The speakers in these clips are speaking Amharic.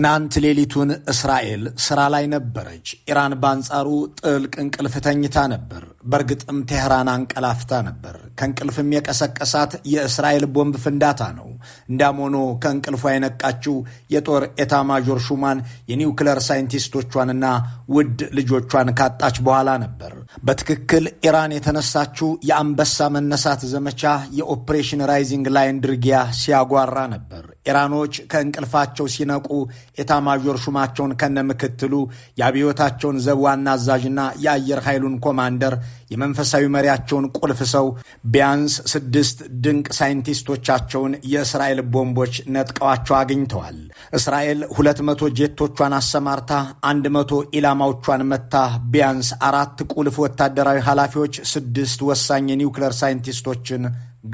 ትናንት ሌሊቱን እስራኤል ስራ ላይ ነበረች። ኢራን በአንጻሩ ጥልቅ እንቅልፍ ተኝታ ነበር። በእርግጥም ቴህራን አንቀላፍታ ነበር። ከእንቅልፍም የቀሰቀሳት የእስራኤል ቦምብ ፍንዳታ ነው። እንዳም ሆኖ ከእንቅልፏ የነቃችው የጦር ማዦር ሹማን የኒውክለር ሳይንቲስቶቿንና ውድ ልጆቿን ካጣች በኋላ ነበር። በትክክል ኢራን የተነሳችው የአንበሳ መነሳት ዘመቻ የኦፕሬሽን ራይዚንግ ላይን ድርጊያ ሲያጓራ ነበር። ኢራኖች ከእንቅልፋቸው ሲነቁ ኤታማዦር ሹማቸውን ከነምክትሉ የአብዮታቸውን ዘብ ዋና አዛዥና የአየር ኃይሉን ኮማንደር የመንፈሳዊ መሪያቸውን ቁልፍ ሰው ቢያንስ ስድስት ድንቅ ሳይንቲስቶቻቸውን የእስራኤል ቦምቦች ነጥቀዋቸው አግኝተዋል። እስራኤል ሁለት መቶ ጄቶቿን አሰማርታ አንድ መቶ ኢላማዎቿን መታ ቢያንስ አራት ቁልፍ ወታደራዊ ኃላፊዎች፣ ስድስት ወሳኝ የኒውክለር ሳይንቲስቶችን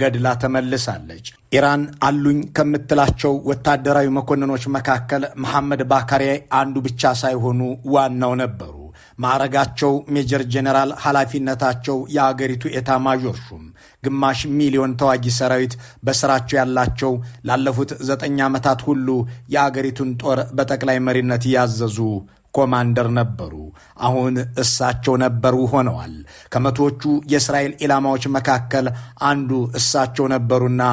ገድላ ተመልሳለች። ኢራን አሉኝ ከምትላቸው ወታደራዊ መኮንኖች መካከል መሐመድ ባካሪ አንዱ ብቻ ሳይሆኑ ዋናው ነበሩ። ማዕረጋቸው ሜጀር ጄኔራል፣ ኃላፊነታቸው የአገሪቱ ኤታ ማዦር ሹም፣ ግማሽ ሚሊዮን ተዋጊ ሰራዊት በስራቸው ያላቸው ላለፉት ዘጠኝ ዓመታት ሁሉ የአገሪቱን ጦር በጠቅላይ መሪነት ያዘዙ ኮማንደር ነበሩ። አሁን እሳቸው ነበሩ ሆነዋል። ከመቶዎቹ የእስራኤል ኢላማዎች መካከል አንዱ እሳቸው ነበሩና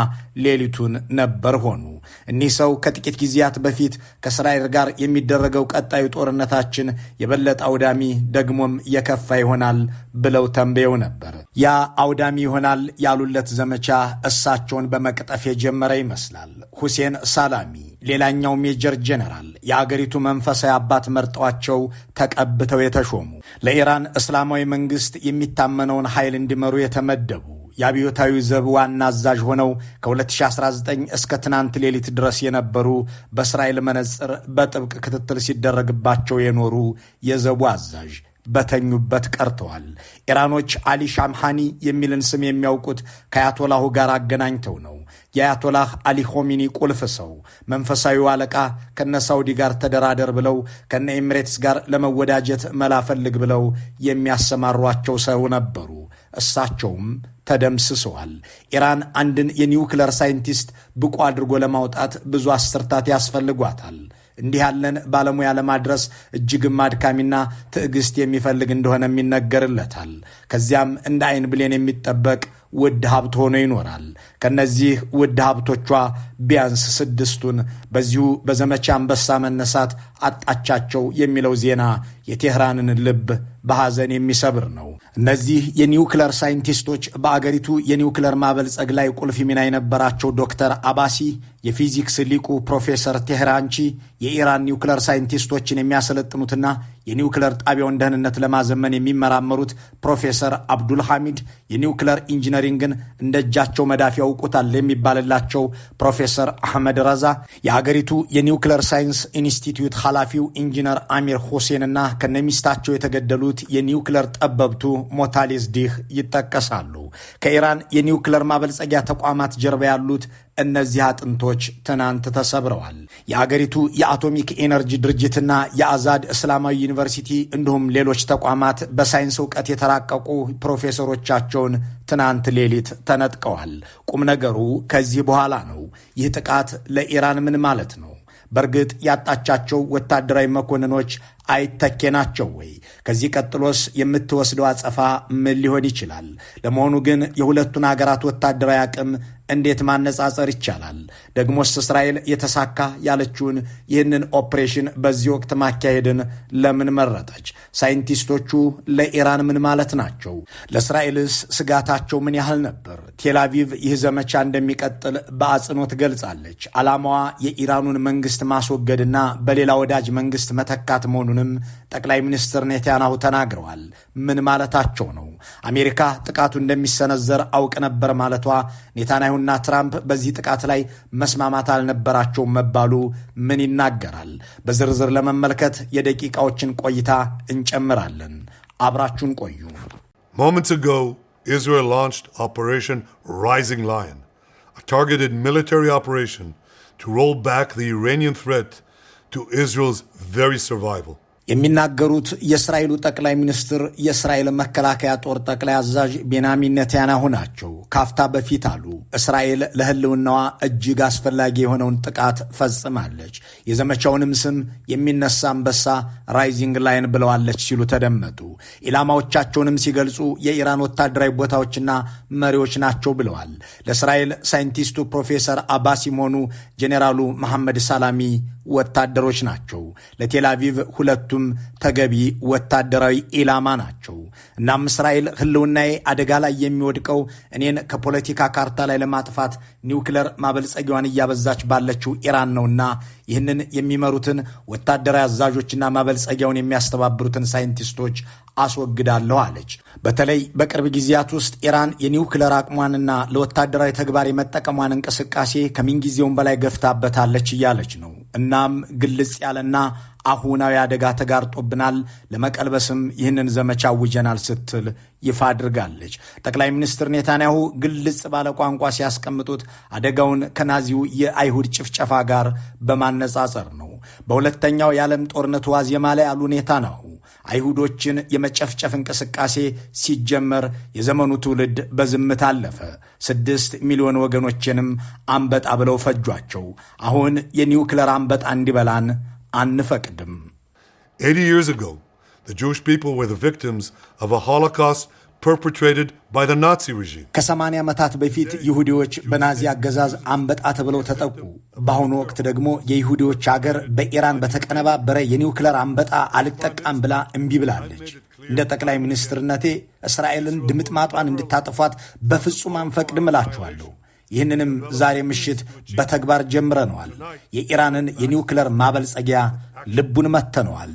ሌሊቱን ነበር ሆኑ። እኒህ ሰው ከጥቂት ጊዜያት በፊት ከእስራኤል ጋር የሚደረገው ቀጣዩ ጦርነታችን የበለጠ አውዳሚ ደግሞም የከፋ ይሆናል ብለው ተንብየው ነበር። ያ አውዳሚ ይሆናል ያሉለት ዘመቻ እሳቸውን በመቅጠፍ የጀመረ ይመስላል። ሁሴን ሳላሚ ሌላኛው ሜጀር ጄኔራል የአገሪቱ መንፈሳዊ አባት መርጠዋቸው ተቀብተው የተሾሙ ለኢራን እስላማዊ መንግስት የሚታመነውን ኃይል እንዲመሩ የተመደቡ የአብዮታዊ ዘብ ዋና አዛዥ ሆነው ከ2019 እስከ ትናንት ሌሊት ድረስ የነበሩ በእስራኤል መነጽር በጥብቅ ክትትል ሲደረግባቸው የኖሩ የዘቡ አዛዥ በተኙበት ቀርተዋል። ኢራኖች አሊ ሻምሃኒ የሚልን ስም የሚያውቁት ከአያቶላሁ ጋር አገናኝተው ነው። የአያቶላህ አሊ ሆሚኒ ቁልፍ ሰው መንፈሳዊው አለቃ ከነ ሳውዲ ጋር ተደራደር ብለው ከነ ኤሚሬትስ ጋር ለመወዳጀት መላፈልግ ብለው የሚያሰማሯቸው ሰው ነበሩ። እሳቸውም ተደምስሰዋል። ኢራን አንድን የኒውክለር ሳይንቲስት ብቁ አድርጎ ለማውጣት ብዙ አስርታት ያስፈልጓታል። እንዲህ ያለን ባለሙያ ለማድረስ እጅግም አድካሚና ትዕግስት የሚፈልግ እንደሆነም ይነገርለታል። ከዚያም እንደ አይን ብሌን የሚጠበቅ ውድ ሀብት ሆኖ ይኖራል። ከነዚህ ውድ ሀብቶቿ ቢያንስ ስድስቱን በዚሁ በዘመቻ አንበሳ መነሳት አጣቻቸው የሚለው ዜና የቴህራንን ልብ በሐዘን የሚሰብር ነው። እነዚህ የኒውክለር ሳይንቲስቶች በአገሪቱ የኒውክለር ማበልጸግ ላይ ቁልፍ ሚና የነበራቸው ዶክተር አባሲ፣ የፊዚክስ ሊቁ ፕሮፌሰር ቴህራንቺ የኢራን ኒውክለር ሳይንቲስቶችን የሚያሰለጥኑትና የኒውክለር ጣቢያውን ደህንነት ለማዘመን የሚመራመሩት ፕሮፌሰር አብዱል ሐሚድ የኒውክለር ኢንጂነሪንግን እንደ እጃቸው መዳፍ ያውቁታል የሚባልላቸው ፕሮፌሰር አህመድ ረዛ፣ የአገሪቱ የኒውክለር ሳይንስ ኢንስቲትዩት ኃላፊው ኢንጂነር አሚር ሁሴንና ከነሚስታቸው የተገደሉት የኒውክለር ጠበብቱ ሞታሊዝ ዲህ ይጠቀሳሉ። ከኢራን የኒውክለር ማበልጸጊያ ተቋማት ጀርባ ያሉት እነዚህ አጥንቶች ትናንት ተሰብረዋል። የአገሪቱ የአቶሚክ ኤነርጂ ድርጅትና የአዛድ እስላማዊ ዩኒቨርሲቲ እንዲሁም ሌሎች ተቋማት በሳይንስ እውቀት የተራቀቁ ፕሮፌሰሮቻቸውን ትናንት ሌሊት ተነጥቀዋል። ቁም ነገሩ ከዚህ በኋላ ነው። ይህ ጥቃት ለኢራን ምን ማለት ነው? በእርግጥ ያጣቻቸው ወታደራዊ መኮንኖች አይተኬ ናቸው ወይ? ከዚህ ቀጥሎስ የምትወስደው አጸፋ ምን ሊሆን ይችላል? ለመሆኑ ግን የሁለቱን ሀገራት ወታደራዊ አቅም እንዴት ማነጻጸር ይቻላል? ደግሞስ እስራኤል የተሳካ ያለችውን ይህንን ኦፕሬሽን በዚህ ወቅት ማካሄድን ለምን መረጠች? ሳይንቲስቶቹ ለኢራን ምን ማለት ናቸው? ለእስራኤልስ ስጋታቸው ምን ያህል ነበር? ቴላቪቭ ይህ ዘመቻ እንደሚቀጥል በአጽንኦት ገልጻለች። ዓላማዋ የኢራኑን መንግስት ማስወገድና በሌላ ወዳጅ መንግስት መተካት መሆኑን መሆኑንም ጠቅላይ ሚኒስትር ኔታንያሁ ተናግረዋል። ምን ማለታቸው ነው? አሜሪካ ጥቃቱ እንደሚሰነዘር አውቅ ነበር ማለቷ፣ ኔታንያሁና ትራምፕ በዚህ ጥቃት ላይ መስማማት አልነበራቸውም መባሉ ምን ይናገራል? በዝርዝር ለመመልከት የደቂቃዎችን ቆይታ እንጨምራለን። አብራችሁን ቆዩ። Moments ago, Israel launched Operation Rising Lion, a targeted military operation to roll back the Iranian threat to Israel's very የሚናገሩት የእስራኤሉ ጠቅላይ ሚኒስትር የእስራኤል መከላከያ ጦር ጠቅላይ አዛዥ ቤንያሚን ኔታንያሁ ናቸው። ካፍታ በፊት አሉ እስራኤል ለሕልውናዋ እጅግ አስፈላጊ የሆነውን ጥቃት ፈጽማለች፣ የዘመቻውንም ስም የሚነሳ አንበሳ ራይዚንግ ላይን ብለዋለች ሲሉ ተደመጡ። ኢላማዎቻቸውንም ሲገልጹ የኢራን ወታደራዊ ቦታዎችና መሪዎች ናቸው ብለዋል። ለእስራኤል ሳይንቲስቱ ፕሮፌሰር አባስ ሲሞኑ ጄኔራሉ መሐመድ ሳላሚ ወታደሮች ናቸው። ለቴል አቪቭ ሁለቱም ሁሉም ተገቢ ወታደራዊ ኢላማ ናቸው። እናም እስራኤል ህልውናዬ አደጋ ላይ የሚወድቀው እኔን ከፖለቲካ ካርታ ላይ ለማጥፋት ኒውክለር ማበልጸጊዋን እያበዛች ባለችው ኢራን ነውና ይህንን የሚመሩትን ወታደራዊ አዛዦችና ማበልጸጊያውን የሚያስተባብሩትን ሳይንቲስቶች አስወግዳለሁ አለች። በተለይ በቅርብ ጊዜያት ውስጥ ኢራን የኒውክለር አቅሟንና ለወታደራዊ ተግባር የመጠቀሟን እንቅስቃሴ ከምንጊዜውም በላይ ገፍታበታለች እያለች ነው። እናም ግልጽ ያለና አሁናዊ አደጋ ተጋርጦብናል፣ ለመቀልበስም ይህንን ዘመቻ አውጀናል ስትል ይፋ አድርጋለች። ጠቅላይ ሚኒስትር ኔታንያሁ ግልጽ ባለ ቋንቋ ሲያስቀምጡት አደጋውን ከናዚው የአይሁድ ጭፍጨፋ ጋር በማነጻጸር ነው። በሁለተኛው የዓለም ጦርነት ዋዜማ ላይ ያሉ ኔታንያሁ አይሁዶችን የመጨፍጨፍ እንቅስቃሴ ሲጀመር የዘመኑ ትውልድ በዝምት አለፈ። ስድስት ሚሊዮን ወገኖችንም አንበጣ ብለው ፈጇቸው። አሁን የኒውክለር አንበጣ እንዲበላን አንፈቅድም። 80 years ago, the Jewish people were the victims of a Holocaust ከሰማንያ ዓመታት በፊት ይሁዲዎች በናዚ አገዛዝ አንበጣ ተብለው ተጠቁ። በአሁኑ ወቅት ደግሞ የይሁዲዎች አገር በኢራን በተቀነባበረ የኒውክለር አንበጣ አልጠቃም ብላ እምቢ ብላለች። እንደ ጠቅላይ ሚኒስትርነቴ እስራኤልን ድምጥማጧን እንድታጠፏት በፍጹም አንፈቅድም እላችኋለሁ። ይህንንም ዛሬ ምሽት በተግባር ጀምረነዋል። የኢራንን የኒውክለር ማበልጸጊያ ልቡን መተነዋል።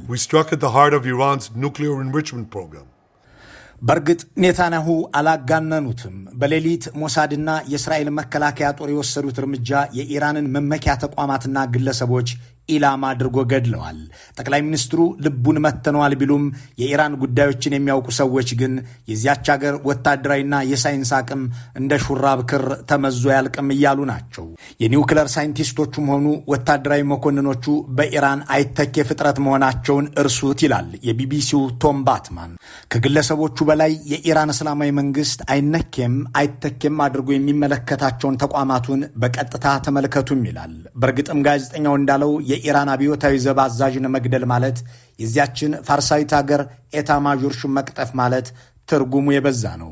በእርግጥ ኔታንያሁ አላጋነኑትም። በሌሊት ሞሳድና የእስራኤል መከላከያ ጦር የወሰዱት እርምጃ የኢራንን መመኪያ ተቋማትና ግለሰቦች ኢላማ አድርጎ ገድለዋል። ጠቅላይ ሚኒስትሩ ልቡን መተነዋል ቢሉም የኢራን ጉዳዮችን የሚያውቁ ሰዎች ግን የዚያች ሀገር ወታደራዊና የሳይንስ አቅም እንደ ሹራብ ክር ተመዞ ያልቅም እያሉ ናቸው። የኒውክለር ሳይንቲስቶቹም ሆኑ ወታደራዊ መኮንኖቹ በኢራን አይተኬ ፍጥረት መሆናቸውን እርሱት ይላል የቢቢሲው ቶም ባትማን። ከግለሰቦቹ በላይ የኢራን እስላማዊ መንግስት አይነኬም አይተኬም አድርጎ የሚመለከታቸውን ተቋማቱን በቀጥታ ተመልከቱም ይላል። በእርግጥም ጋዜጠኛው እንዳለው የኢራን አብዮታዊ ዘብ አዛዥን መግደል ማለት የዚያችን ፋርሳዊት አገር ኤታ ማዦር ሹም መቅጠፍ ማለት ትርጉሙ የበዛ ነው።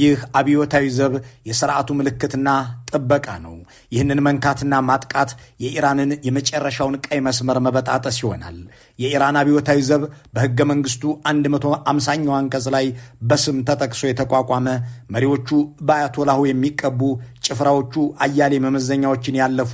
ይህ አብዮታዊ ዘብ የስርዓቱ ምልክትና ጥበቃ ነው። ይህንን መንካትና ማጥቃት የኢራንን የመጨረሻውን ቀይ መስመር መበጣጠስ ይሆናል። የኢራን አብዮታዊ ዘብ በሕገ መንግሥቱ 150ኛው አንቀጽ ላይ በስም ተጠቅሶ የተቋቋመ መሪዎቹ በአያቶላሁ የሚቀቡ ጭፍራዎቹ አያሌ መመዘኛዎችን ያለፉ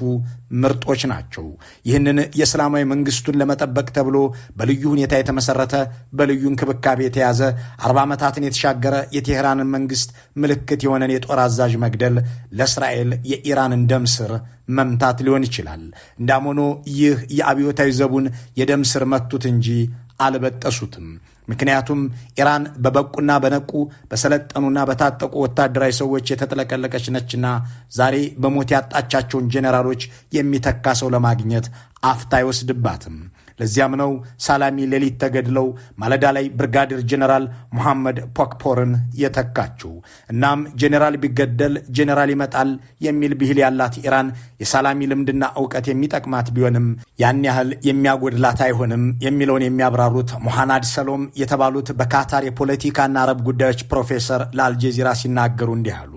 ምርጦች ናቸው። ይህንን የእስላማዊ መንግስቱን ለመጠበቅ ተብሎ በልዩ ሁኔታ የተመሰረተ በልዩ እንክብካቤ የተያዘ አርባ ዓመታትን የተሻገረ የቴህራንን መንግስት ምልክት የሆነን የጦር አዛዥ መግደል ለእስራኤል የኢራንን ደም ስር መምታት ሊሆን ይችላል። እንዳም ሆኖ ይህ የአብዮታዊ ዘቡን የደም ስር መቱት እንጂ አልበጠሱትም። ምክንያቱም ኢራን በበቁና በነቁ በሰለጠኑና በታጠቁ ወታደራዊ ሰዎች የተጥለቀለቀች ነችና ዛሬ በሞት ያጣቻቸውን ጄኔራሎች የሚተካ ሰው ለማግኘት አፍታ አይወስድባትም። ለዚያም ነው ሳላሚ ሌሊት ተገድለው ማለዳ ላይ ብርጋዴር ጀኔራል ሙሐመድ ፖክፖርን የተካችው። እናም ጀኔራል ቢገደል ጀኔራል ይመጣል የሚል ብሂል ያላት ኢራን የሳላሚ ልምድና እውቀት የሚጠቅማት ቢሆንም ያን ያህል የሚያጎድላት አይሆንም የሚለውን የሚያብራሩት ሙሐናድ ሰሎም የተባሉት በካታር የፖለቲካና አረብ ጉዳዮች ፕሮፌሰር ለአልጀዚራ ሲናገሩ እንዲህ አሉ።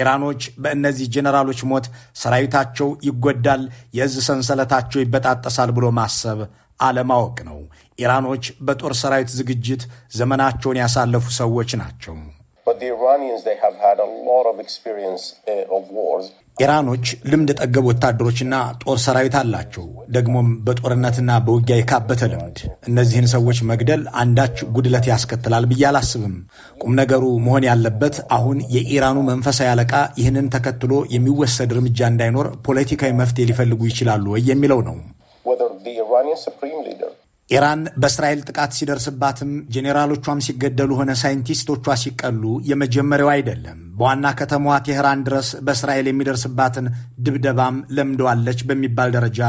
ኢራኖች በእነዚህ ጀነራሎች ሞት ሰራዊታቸው ይጎዳል፣ የእዝ ሰንሰለታቸው ይበጣጠሳል ብሎ ማሰብ አለማወቅ ነው። ኢራኖች በጦር ሰራዊት ዝግጅት ዘመናቸውን ያሳለፉ ሰዎች ናቸው። eh, ኢራኖች ልምድ ጠገብ ወታደሮችና ጦር ሰራዊት አላቸው። ደግሞም በጦርነትና በውጊያ የካበተ ልምድ። እነዚህን ሰዎች መግደል አንዳች ጉድለት ያስከትላል ብዬ አላስብም። ቁም ነገሩ መሆን ያለበት አሁን የኢራኑ መንፈሳዊ አለቃ ይህንን ተከትሎ የሚወሰድ እርምጃ እንዳይኖር ፖለቲካዊ መፍትሄ ሊፈልጉ ይችላሉ ወይ የሚለው ነው። ኢራን በእስራኤል ጥቃት ሲደርስባትም ጄኔራሎቿም ሲገደሉ ሆነ ሳይንቲስቶቿ ሲቀሉ የመጀመሪያው አይደለም። በዋና ከተማዋ ቴህራን ድረስ በእስራኤል የሚደርስባትን ድብደባም ለምደዋለች በሚባል ደረጃ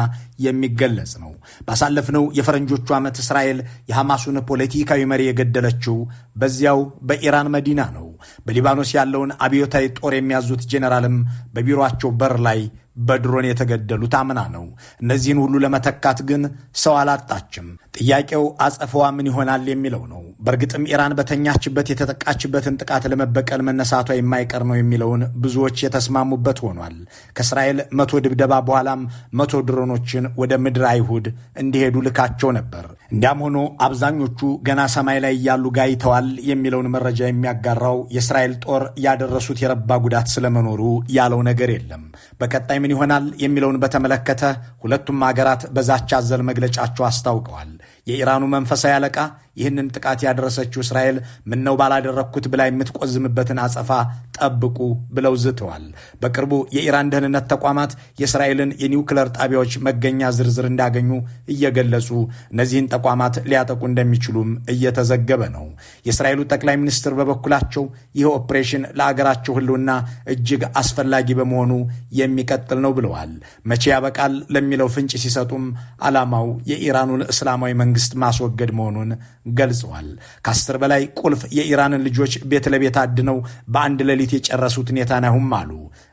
የሚገለጽ ነው። ባሳለፍነው የፈረንጆቹ ዓመት እስራኤል የሐማሱን ፖለቲካዊ መሪ የገደለችው በዚያው በኢራን መዲና ነው። በሊባኖስ ያለውን አብዮታዊ ጦር የሚያዙት ጄኔራልም በቢሮአቸው በር ላይ በድሮን የተገደሉት አምና ነው። እነዚህን ሁሉ ለመተካት ግን ሰው አላጣችም። ጥያቄው አጸፈዋ ምን ይሆናል የሚለው ነው። በእርግጥም ኢራን በተኛችበት የተጠቃችበትን ጥቃት ለመበቀል መነሳቷ የማይቀር ነው የሚለውን ብዙዎች የተስማሙበት ሆኗል። ከእስራኤል መቶ ድብደባ በኋላም መቶ ድሮኖችን ወደ ምድረ አይሁድ እንዲሄዱ ልካቸው ነበር። እንዲያም ሆኖ አብዛኞቹ ገና ሰማይ ላይ እያሉ ጋይተዋል የሚለውን መረጃ የሚያጋራው የእስራኤል ጦር ያደረሱት የረባ ጉዳት ስለመኖሩ ያለው ነገር የለም። በቀጣይ ምን ይሆናል የሚለውን በተመለከተ ሁለቱም አገራት በዛቻ አዘል መግለጫቸው አስታውቀዋል። የኢራኑ መንፈሳዊ አለቃ ይህንን ጥቃት ያደረሰችው እስራኤል ምነው ባላደረግኩት ብላ የምትቆዝምበትን አጸፋ ጠብቁ ብለው ዝተዋል። በቅርቡ የኢራን ደህንነት ተቋማት የእስራኤልን የኒውክለር ጣቢያዎች መገኛ ዝርዝር እንዳገኙ እየገለጹ እነዚህን ተቋማት ሊያጠቁ እንደሚችሉም እየተዘገበ ነው። የእስራኤሉ ጠቅላይ ሚኒስትር በበኩላቸው ይህ ኦፕሬሽን ለአገራቸው ሕልውና እጅግ አስፈላጊ በመሆኑ የሚቀጥል ነው ብለዋል። መቼ ያበቃል ለሚለው ፍንጭ ሲሰጡም ዓላማው የኢራኑን እስላማዊ መንግስት ማስወገድ መሆኑን ገልጸዋል። ከአስር በላይ ቁልፍ የኢራንን ልጆች ቤት ለቤት አድነው በአንድ ሌሊት የጨረሱት ኔታንያሁም አሉ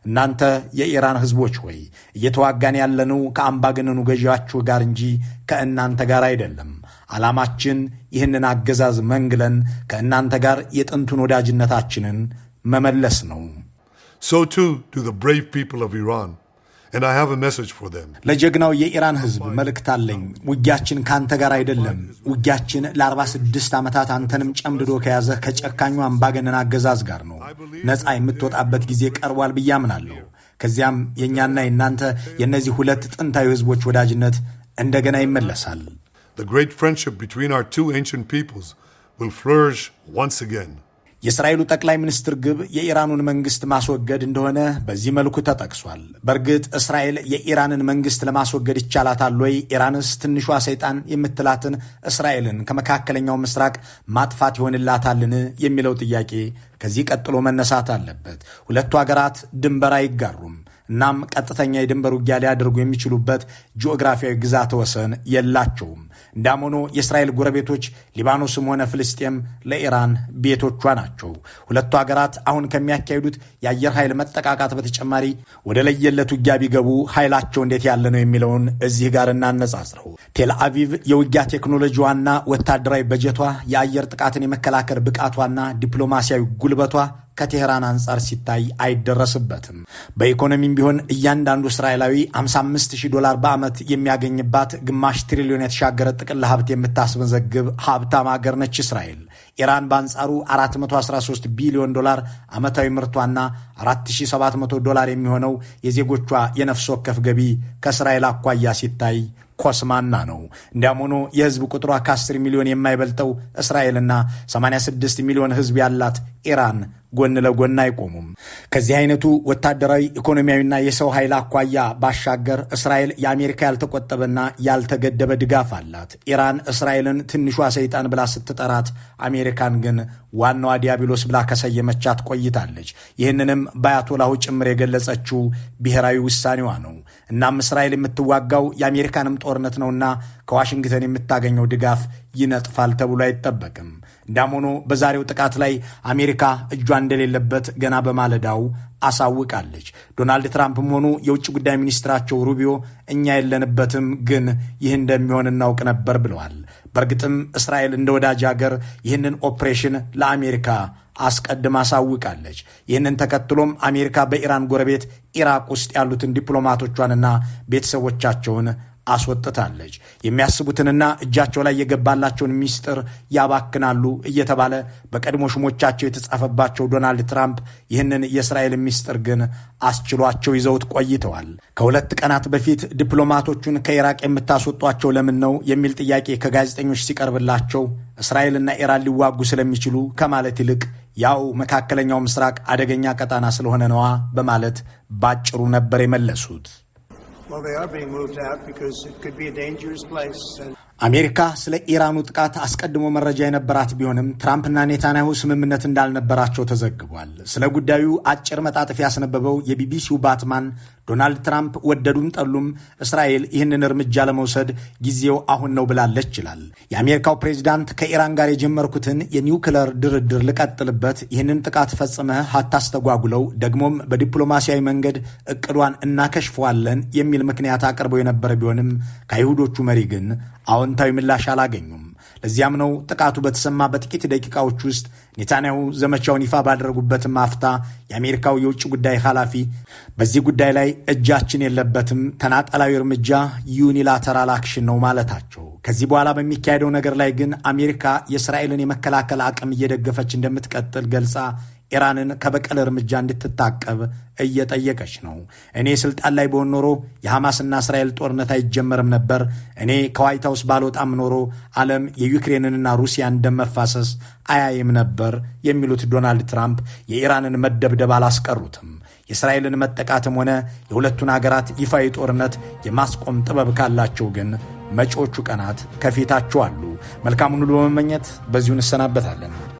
እናንተ የኢራን ህዝቦች ሆይ እየተዋጋን ያለነው ከአምባገነኑ ገዢያችሁ ጋር እንጂ ከእናንተ ጋር አይደለም። ዓላማችን ይህንን አገዛዝ መንግለን ከእናንተ ጋር የጥንቱን ወዳጅነታችንን መመለስ ነው። So too do the brave people of Iran ለጀግናው የኢራን ሕዝብ መልእክት አለኝ። ውጊያችን ከአንተ ጋር አይደለም። ውጊያችን ለ46 ዓመታት አንተንም ጨምድዶ ከያዘህ ከጨካኙ አምባገነን አገዛዝ ጋር ነው። ነፃ የምትወጣበት ጊዜ ቀርቧል ብዬ አምናለሁ። ከዚያም የእኛና የእናንተ የእነዚህ ሁለት ጥንታዊ ሕዝቦች ወዳጅነት እንደገና ይመለሳል። The great friendship between our two ancient peoples will flourish once again. የእስራኤሉ ጠቅላይ ሚኒስትር ግብ የኢራኑን መንግስት ማስወገድ እንደሆነ በዚህ መልኩ ተጠቅሷል። በእርግጥ እስራኤል የኢራንን መንግስት ለማስወገድ ይቻላታል ወይ? ኢራንስ ትንሿ ሰይጣን የምትላትን እስራኤልን ከመካከለኛው ምስራቅ ማጥፋት ይሆንላታልን? የሚለው ጥያቄ ከዚህ ቀጥሎ መነሳት አለበት። ሁለቱ ሀገራት ድንበር አይጋሩም። እናም ቀጥተኛ የድንበር ውጊያ ሊያደርጉ የሚችሉበት ጂኦግራፊያዊ ግዛት ወሰን የላቸውም። እንዳም ሆኖ የእስራኤል ጎረቤቶች ሊባኖስም ሆነ ፍልስጤም ለኢራን ቤቶቿ ናቸው። ሁለቱ ሀገራት አሁን ከሚያካሂዱት የአየር ኃይል መጠቃቃት በተጨማሪ ወደ ለየለት ውጊያ ቢገቡ ኃይላቸው እንዴት ያለ ነው የሚለውን እዚህ ጋር እናነጻጽረው። ቴልአቪቭ የውጊያ ቴክኖሎጂዋና ወታደራዊ በጀቷ፣ የአየር ጥቃትን የመከላከል ብቃቷና ዲፕሎማሲያዊ ጉልበቷ ከቴህራን አንጻር ሲታይ አይደረስበትም። በኢኮኖሚም ቢሆን እያንዳንዱ እስራኤላዊ 55000 ዶላር በዓመት የሚያገኝባት ግማሽ ትሪሊዮን የተሻገረ ጥቅል ሀብት የምታስመዘግብ ሀብታም ሀገር ነች እስራኤል። ኢራን በአንጻሩ 413 ቢሊዮን ዶላር ዓመታዊ ምርቷና 4700 ዶላር የሚሆነው የዜጎቿ የነፍስ ወከፍ ገቢ ከእስራኤል አኳያ ሲታይ ኮስማና ነው። እንዲያም ሆኖ የህዝብ ቁጥሯ ከ10 ሚሊዮን የማይበልጠው እስራኤልና 86 ሚሊዮን ህዝብ ያላት ኢራን ጎን ለጎን አይቆሙም። ከዚህ አይነቱ ወታደራዊ ኢኮኖሚያዊና የሰው ኃይል አኳያ ባሻገር እስራኤል የአሜሪካ ያልተቆጠበና ያልተገደበ ድጋፍ አላት። ኢራን እስራኤልን ትንሿ ሰይጣን ብላ ስትጠራት፣ አሜሪካን ግን ዋናዋ ዲያብሎስ ብላ ከሰየመቻት ቆይታለች። ይህንንም በአያቶላሁ ጭምር የገለጸችው ብሔራዊ ውሳኔዋ ነው። እናም እስራኤል የምትዋጋው የአሜሪካንም ጦርነት ነውና ከዋሽንግተን የምታገኘው ድጋፍ ይነጥፋል ተብሎ አይጠበቅም። እንዳም ሆኖ በዛሬው ጥቃት ላይ አሜሪካ እጇ እንደሌለበት ገና በማለዳው አሳውቃለች። ዶናልድ ትራምፕም ሆኑ የውጭ ጉዳይ ሚኒስትራቸው ሩቢዮ እኛ የለንበትም፣ ግን ይህ እንደሚሆን እናውቅ ነበር ብለዋል። በእርግጥም እስራኤል እንደ ወዳጅ ሀገር ይህንን ኦፕሬሽን ለአሜሪካ አስቀድማ አሳውቃለች። ይህንን ተከትሎም አሜሪካ በኢራን ጎረቤት ኢራቅ ውስጥ ያሉትን ዲፕሎማቶቿንና ቤተሰቦቻቸውን አስወጥታለች። የሚያስቡትንና እጃቸው ላይ የገባላቸውን ሚስጥር ያባክናሉ እየተባለ በቀድሞ ሹሞቻቸው የተጻፈባቸው ዶናልድ ትራምፕ ይህንን የእስራኤል ሚስጥር ግን አስችሏቸው ይዘውት ቆይተዋል። ከሁለት ቀናት በፊት ዲፕሎማቶቹን ከኢራቅ የምታስወጧቸው ለምን ነው የሚል ጥያቄ ከጋዜጠኞች ሲቀርብላቸው እስራኤልና ኢራን ሊዋጉ ስለሚችሉ ከማለት ይልቅ ያው መካከለኛው ምስራቅ አደገኛ ቀጣና ስለሆነ ነዋ በማለት ባጭሩ ነበር የመለሱት። አሜሪካ ስለ ኢራኑ ጥቃት አስቀድሞ መረጃ የነበራት ቢሆንም ትራምፕና ኔታንያሁ ስምምነት እንዳልነበራቸው ተዘግቧል። ስለ ጉዳዩ አጭር መጣጥፍ ያስነበበው የቢቢሲው ባትማን ዶናልድ ትራምፕ ወደዱም ጠሉም እስራኤል ይህንን እርምጃ ለመውሰድ ጊዜው አሁን ነው ብላለች ይላል። የአሜሪካው ፕሬዚዳንት ከኢራን ጋር የጀመርኩትን የኒውክለር ድርድር ልቀጥልበት፣ ይህንን ጥቃት ፈጽመህ አታስተጓጉለው፣ ደግሞም በዲፕሎማሲያዊ መንገድ እቅዷን እናከሽፈዋለን የሚል ምክንያት አቅርበው የነበረ ቢሆንም ከአይሁዶቹ መሪ ግን አዎንታዊ ምላሽ አላገኙም። በዚያም ነው ጥቃቱ በተሰማ በጥቂት ደቂቃዎች ውስጥ ኔታንያሁ ዘመቻውን ይፋ ባደረጉበትም አፍታ የአሜሪካው የውጭ ጉዳይ ኃላፊ በዚህ ጉዳይ ላይ እጃችን የለበትም፣ ተናጠላዊ እርምጃ ዩኒላተራል አክሽን ነው ማለታቸው። ከዚህ በኋላ በሚካሄደው ነገር ላይ ግን አሜሪካ የእስራኤልን የመከላከል አቅም እየደገፈች እንደምትቀጥል ገልጻ ኢራንን ከበቀል እርምጃ እንድትታቀብ እየጠየቀች ነው። እኔ ስልጣን ላይ በሆን ኖሮ የሐማስና እስራኤል ጦርነት አይጀመርም ነበር። እኔ ከዋይት ሀውስ ባልወጣም ኖሮ ዓለም የዩክሬንንና ሩሲያን ደም መፋሰስ አያይም ነበር የሚሉት ዶናልድ ትራምፕ የኢራንን መደብደብ አላስቀሩትም። የእስራኤልን መጠቃትም ሆነ የሁለቱን አገራት ይፋዊ ጦርነት የማስቆም ጥበብ ካላቸው ግን መጪዎቹ ቀናት ከፊታቸው አሉ። መልካሙን ሁሉ በመመኘት በዚሁ እንሰናበታለን።